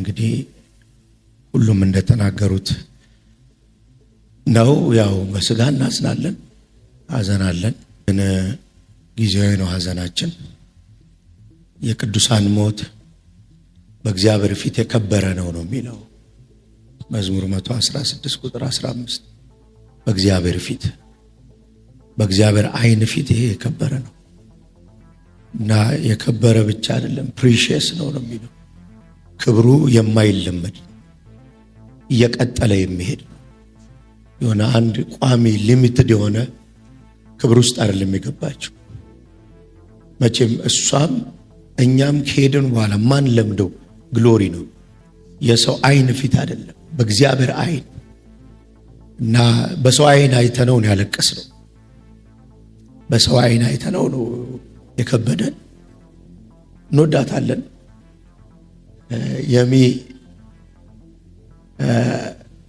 እንግዲህ ሁሉም እንደተናገሩት ነው። ያው በስጋ እናዝናለን፣ ሀዘናለን ግን ጊዜያዊ ነው ሀዘናችን። የቅዱሳን ሞት በእግዚአብሔር ፊት የከበረ ነው ነው የሚለው መዝሙር 116 ቁጥር 15 በእግዚአብሔር ፊት በእግዚአብሔር አይን ፊት ይሄ የከበረ ነው እና የከበረ ብቻ አይደለም፣ ፕሪሽስ ነው ነው የሚለው ክብሩ የማይለመድ እየቀጠለ የሚሄድ ነው። የሆነ አንድ ቋሚ ሊሚትድ የሆነ ክብር ውስጥ አይደለም የሚገባቸው። መቼም እሷም እኛም ከሄድን በኋላ ማን ለምደው ግሎሪ ነው። የሰው አይን ፊት አይደለም፣ በእግዚአብሔር አይን እና በሰው አይን አይተነው ነው ያለቀስነው። በሰው አይን አይተነው ነው የከበደን። እንወዳታለን። የሚ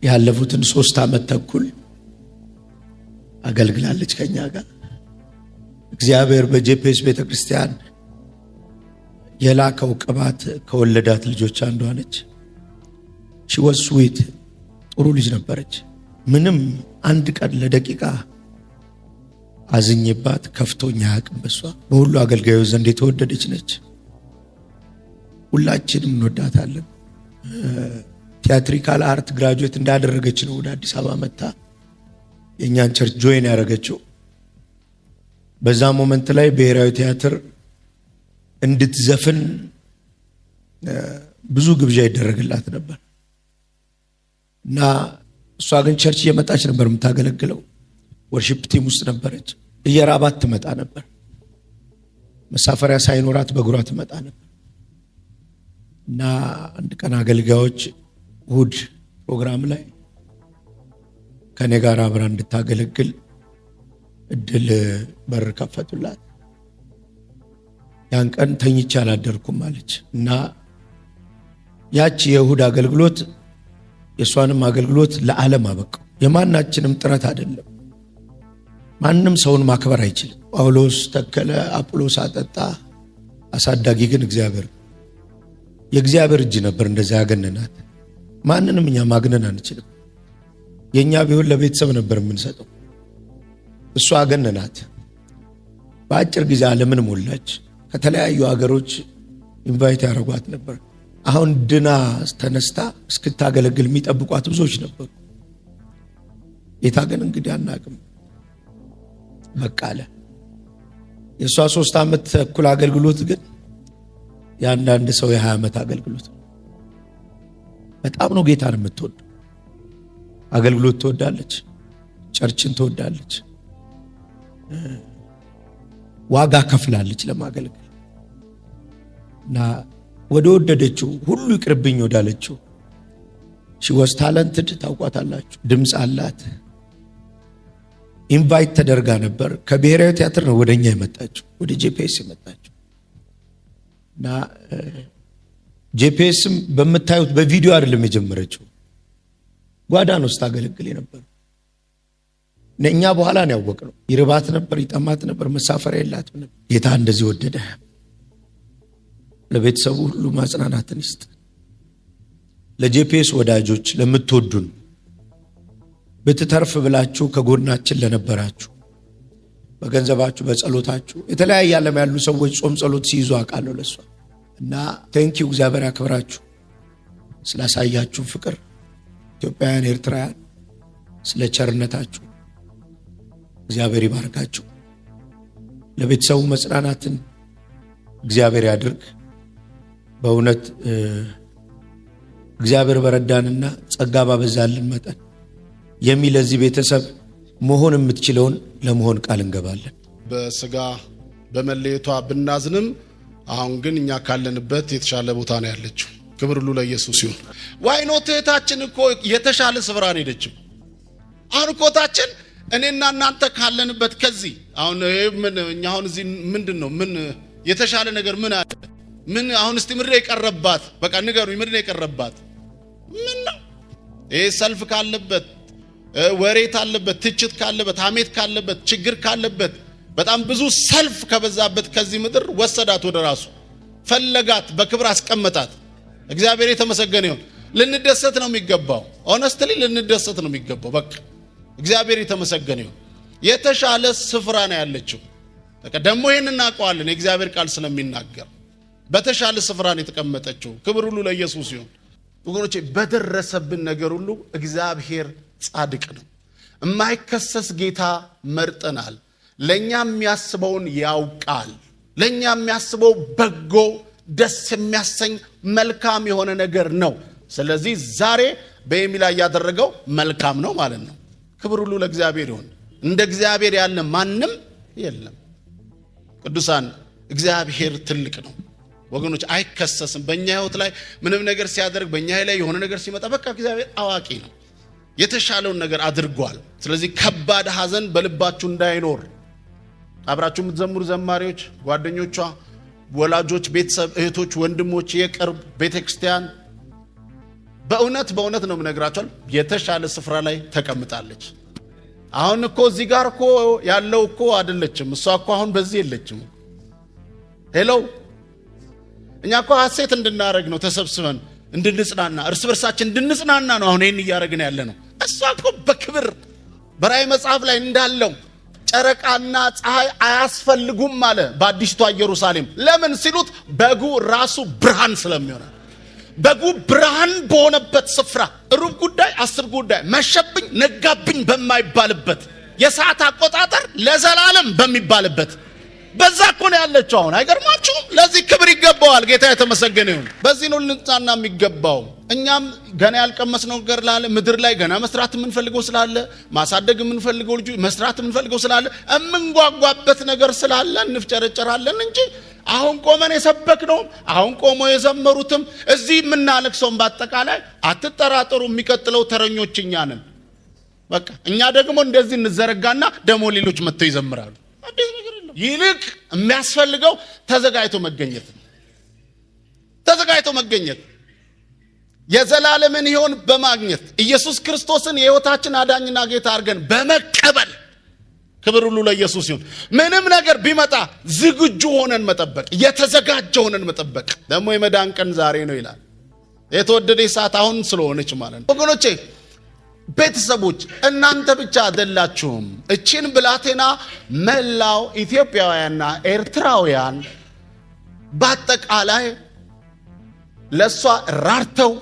ያለፉትን ሶስት ዓመት ተኩል አገልግላለች ከኛ ጋር እግዚአብሔር በጄፒኤስ ቤተ ክርስቲያን የላከው ቅባት ከወለዳት ልጆች አንዷ ነች። ሽወስዊት ጥሩ ልጅ ነበረች። ምንም አንድ ቀን ለደቂቃ አዝኝባት ከፍቶኝ አያውቅም። በሷ በሁሉ አገልጋዮች ዘንድ የተወደደች ነች። ሁላችንም እንወዳታለን። ቲያትሪካል አርት ግራጁዌት እንዳደረገች ነው ወደ አዲስ አበባ መታ የእኛን ቸርች ጆይን ያደረገችው። በዛ ሞመንት ላይ ብሔራዊ ቲያትር እንድትዘፍን ብዙ ግብዣ ይደረግላት ነበር እና እሷ ግን ቸርች እየመጣች ነበር የምታገለግለው። ወርሽፕ ቲም ውስጥ ነበረች። እየራባት ትመጣ ነበር። መሳፈሪያ ሳይኖራት በእግሯ ትመጣ ነበር እና አንድ ቀን አገልጋዮች እሑድ ፕሮግራም ላይ ከእኔ ጋር አብራ እንድታገለግል እድል በር ከፈቱላት። ያን ቀን ተኝቼ አላደርኩም አለች እና ያቺ የእሁድ አገልግሎት የእሷንም አገልግሎት ለዓለም አበቃው። የማናችንም ጥረት አይደለም። ማንም ሰውን ማክበር አይችልም። ጳውሎስ ተከለ፣ አጵሎስ አጠጣ፣ አሳዳጊ ግን እግዚአብሔር የእግዚአብሔር እጅ ነበር እንደዚያ ያገነናት። ማንንም እኛ ማግነን አንችልም። የእኛ ቢሆን ለቤተሰብ ነበር የምንሰጠው። እሷ አገነናት። በአጭር ጊዜ ዓለምን ሞላች። ከተለያዩ ሀገሮች ኢንቫይት ያደረጓት ነበር። አሁን ድና ተነስታ እስክታገለግል የሚጠብቋት ብዙዎች ነበሩ። ጌታ ግን እንግዲህ አናቅም በቃለ የእሷ ሶስት ዓመት ተኩል አገልግሎት ግን የአንዳንድ ሰው የሀያ ዓመት አገልግሎት ነው። በጣም ነው ጌታን የምትወድ አገልግሎት ትወዳለች፣ ጨርችን ትወዳለች፣ ዋጋ ከፍላለች ለማገልገል እና ወደ ወደደችው ሁሉ ይቅርብኝ ወዳለችው ሽወስ ታለንትድ ታውቋታላችሁ። ድምፅ አላት። ኢንቫይት ተደርጋ ነበር። ከብሔራዊ ቲያትር ነው ወደ እኛ የመጣችው ወደ ጄፒኤስ የመጣችው እና ጄፒኤስም በምታዩት በቪዲዮ አይደለም የጀመረችው ጓዳን ነው ስታገለግል የነበረው እኛ በኋላ ነው ያወቅነው። ይርባት ነበር፣ ይጠማት ነበር፣ መሳፈሪያ የላትም ነበር። ጌታ እንደዚህ ወደደ። ለቤተሰቡ ሁሉ ማጽናናትን ይስጥ። ለጄፒኤስ ወዳጆች ለምትወዱን ብትተርፍ ብላችሁ ከጎናችን ለነበራችሁ በገንዘባችሁ በጸሎታችሁ የተለያየ ዓለም ያሉ ሰዎች ጾም ጸሎት ሲይዙ አውቃለሁ። ለሷ እና ቴንኪው እግዚአብሔር ያክብራችሁ ስላሳያችሁ ፍቅር ኢትዮጵያውያን፣ ኤርትራውያን ስለ ቸርነታችሁ እግዚአብሔር ይባርካችሁ። ለቤተሰቡ መጽናናትን እግዚአብሔር ያድርግ። በእውነት እግዚአብሔር በረዳንና ጸጋ ባበዛልን መጠን የሚለዚህ ቤተሰብ መሆን የምትችለውን ለመሆን ቃል እንገባለን። በስጋ በመለየቷ ብናዝንም አሁን ግን እኛ ካለንበት የተሻለ ቦታ ነው ያለችው። ክብር ሁሉ ለኢየሱስ ይሁን። ዋይኖ እህታችን እኮ የተሻለ ስፍራ ነው ሄደችው። አሁን እኮታችን እኔና እናንተ ካለንበት ከዚህ አሁን ምን እኛ አሁን እዚህ ምንድን ነው ምን የተሻለ ነገር ምን አለ? ምን አሁን እስቲ ምድር የቀረባት በቃ ንገሩኝ፣ ምድር የቀረባት ምን ነው? ይሄ ሰልፍ ካለበት ወሬት አለበት ትችት ካለበት ሐሜት ካለበት ችግር ካለበት በጣም ብዙ ሰልፍ ከበዛበት ከዚህ ምድር ወሰዳት፣ ወደ ራሱ ፈለጋት፣ በክብር አስቀመጣት። እግዚአብሔር የተመሰገነ ይሁን። ልንደሰት ነው የሚገባው። ኦነስትሊ ልንደሰት ነው የሚገባው። በቃ እግዚአብሔር የተመሰገነ ይሁን። የተሻለ ስፍራ ነው ያለችው። ደግሞ ይህን እናውቀዋለን የእግዚአብሔር ቃል ስለሚናገር በተሻለ ስፍራ ነው የተቀመጠችው። ክብር ሁሉ ለኢየሱስ ይሁን። ወገኖቼ በደረሰብን ነገር ሁሉ እግዚአብሔር ጻድቅ ነው። የማይከሰስ ጌታ መርጠናል። ለእኛ የሚያስበውን ያውቃል። ለእኛ የሚያስበው በጎ፣ ደስ የሚያሰኝ መልካም የሆነ ነገር ነው። ስለዚህ ዛሬ በኤሚ ላይ ያደረገው መልካም ነው ማለት ነው። ክብር ሁሉ ለእግዚአብሔር ይሁን። እንደ እግዚአብሔር ያለ ማንም የለም። ቅዱሳን፣ እግዚአብሔር ትልቅ ነው። ወገኖች አይከሰስም። በእኛ ህይወት ላይ ምንም ነገር ሲያደርግ በእኛ ላይ የሆነ ነገር ሲመጣ በቃ እግዚአብሔር አዋቂ ነው፣ የተሻለውን ነገር አድርጓል። ስለዚህ ከባድ ሀዘን በልባችሁ እንዳይኖር አብራችሁ የምትዘምሩ ዘማሪዎች፣ ጓደኞቿ፣ ወላጆች፣ ቤተሰብ፣ እህቶች፣ ወንድሞች፣ የቅርብ ቤተክርስቲያን በእውነት በእውነት ነው ምነግራቸዋል። የተሻለ ስፍራ ላይ ተቀምጣለች። አሁን እኮ እዚህ ጋር እኮ ያለው እኮ አይደለችም። እሷ እኮ አሁን በዚህ የለችም። ሄለው እኛ እኮ ሐሴት እንድናደረግ ነው ተሰብስበን እንድንጽናና እርስ በርሳችን እንድንጽናና ነው አሁን ይህን እያደረግን ያለ ነው። እሷ እኮ በክብር በራእይ መጽሐፍ ላይ እንዳለው ጨረቃና ፀሐይ አያስፈልጉም አለ በአዲስቷ ኢየሩሳሌም። ለምን ሲሉት በጉ ራሱ ብርሃን ስለሚሆነ በጉ ብርሃን በሆነበት ስፍራ ሩብ ጉዳይ፣ አስር ጉዳይ፣ መሸብኝ፣ ነጋብኝ በማይባልበት የሰዓት አቆጣጠር ለዘላለም በሚባልበት በዛ እኮ ነው ያለችው። አሁን አይገርማችሁም? ለዚህ ክብር ይገባዋል። ጌታ የተመሰገነ ይሁን። በዚህ ነው ልንጻና የሚገባው። እኛም ገና ያልቀመስነው ነገር ላለ ምድር ላይ ገና መስራት የምንፈልገው ስላለ ማሳደግ የምንፈልገው ልጁ መስራት የምንፈልገው ስላለ የምንጓጓበት ነገር ስላለ እንፍጨረጨራለን እንጂ አሁን ቆመን የሰበክነውም አሁን ቆሞ የዘመሩትም እዚህ የምናለቅሰውም በአጠቃላይ አትጠራጠሩ፣ የሚቀጥለው ተረኞች እኛ ነን። በቃ እኛ ደግሞ እንደዚህ እንዘረጋና ደግሞ ሌሎች መጥተው ይዘምራሉ። ይልቅ የሚያስፈልገው ተዘጋጅቶ መገኘት ነው። ተዘጋጅቶ መገኘት የዘላለምን ይሆን በማግኘት ኢየሱስ ክርስቶስን የሕይወታችን አዳኝና ጌታ አድርገን በመቀበል ክብር ሁሉ ለኢየሱስ ይሁን። ምንም ነገር ቢመጣ ዝግጁ ሆነን መጠበቅ፣ የተዘጋጀ ሆነን መጠበቅ። ደግሞ የመዳን ቀን ዛሬ ነው ይላል። የተወደደ ሰዓት አሁን ስለሆነች ማለት ነው ወገኖቼ ቤተሰቦች እናንተ ብቻ አይደላችሁም። እቺን ብላቴና መላው ኢትዮጵያውያንና ኤርትራውያን በአጠቃላይ ለእሷ ራርተው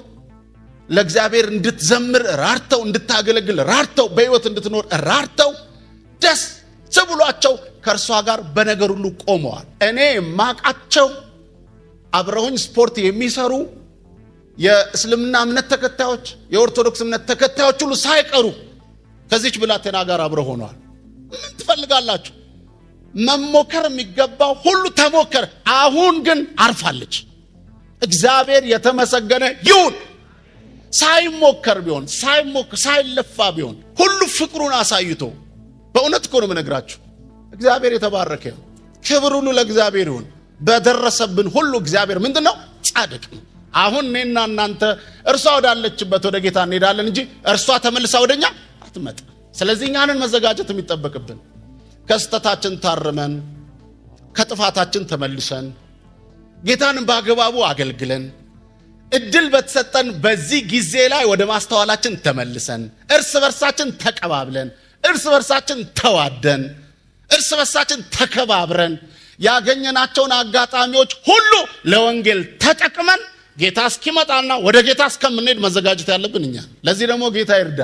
ለእግዚአብሔር እንድትዘምር ራርተው እንድታገለግል ራርተው በሕይወት እንድትኖር ራርተው ደስ ብሏቸው ከእርሷ ጋር በነገር ሁሉ ቆመዋል። እኔ ማቃቸው አብረውኝ ስፖርት የሚሰሩ የእስልምና እምነት ተከታዮች የኦርቶዶክስ እምነት ተከታዮች ሁሉ ሳይቀሩ ከዚች ብላቴና ጋር አብረ ሆነዋል። ምን ትፈልጋላችሁ? መሞከር የሚገባው ሁሉ ተሞከረ። አሁን ግን አርፋለች። እግዚአብሔር የተመሰገነ ይሁን። ሳይሞከር ቢሆን ሳይሞከር ሳይለፋ ቢሆን ሁሉ ፍቅሩን አሳይቶ በእውነት እኮ ነው የምነግራችሁ። እግዚአብሔር የተባረከ ይሁን። ክብር ሁሉ ለእግዚአብሔር ይሁን። በደረሰብን ሁሉ እግዚአብሔር ምንድን ነው ጻድቅ ነው። አሁን እኔና እናንተ እርሷ ወዳለችበት ወደ ጌታ እንሄዳለን እንጂ እርሷ ተመልሳ ወደኛ አትመጣ። ስለዚህ እኛንን መዘጋጀት የሚጠበቅብን ከስተታችን ታርመን ከጥፋታችን ተመልሰን ጌታንን በአግባቡ አገልግለን እድል በተሰጠን በዚህ ጊዜ ላይ ወደ ማስተዋላችን ተመልሰን እርስ በርሳችን ተቀባብለን እርስ በርሳችን ተዋደን እርስ በርሳችን ተከባብረን ያገኘናቸውን አጋጣሚዎች ሁሉ ለወንጌል ተጠቅመን ጌታ እስኪመጣና ወደ ጌታ እስከምንሄድ መዘጋጀት ያለብን እኛ። ለዚህ ደግሞ ጌታ ይርዳ።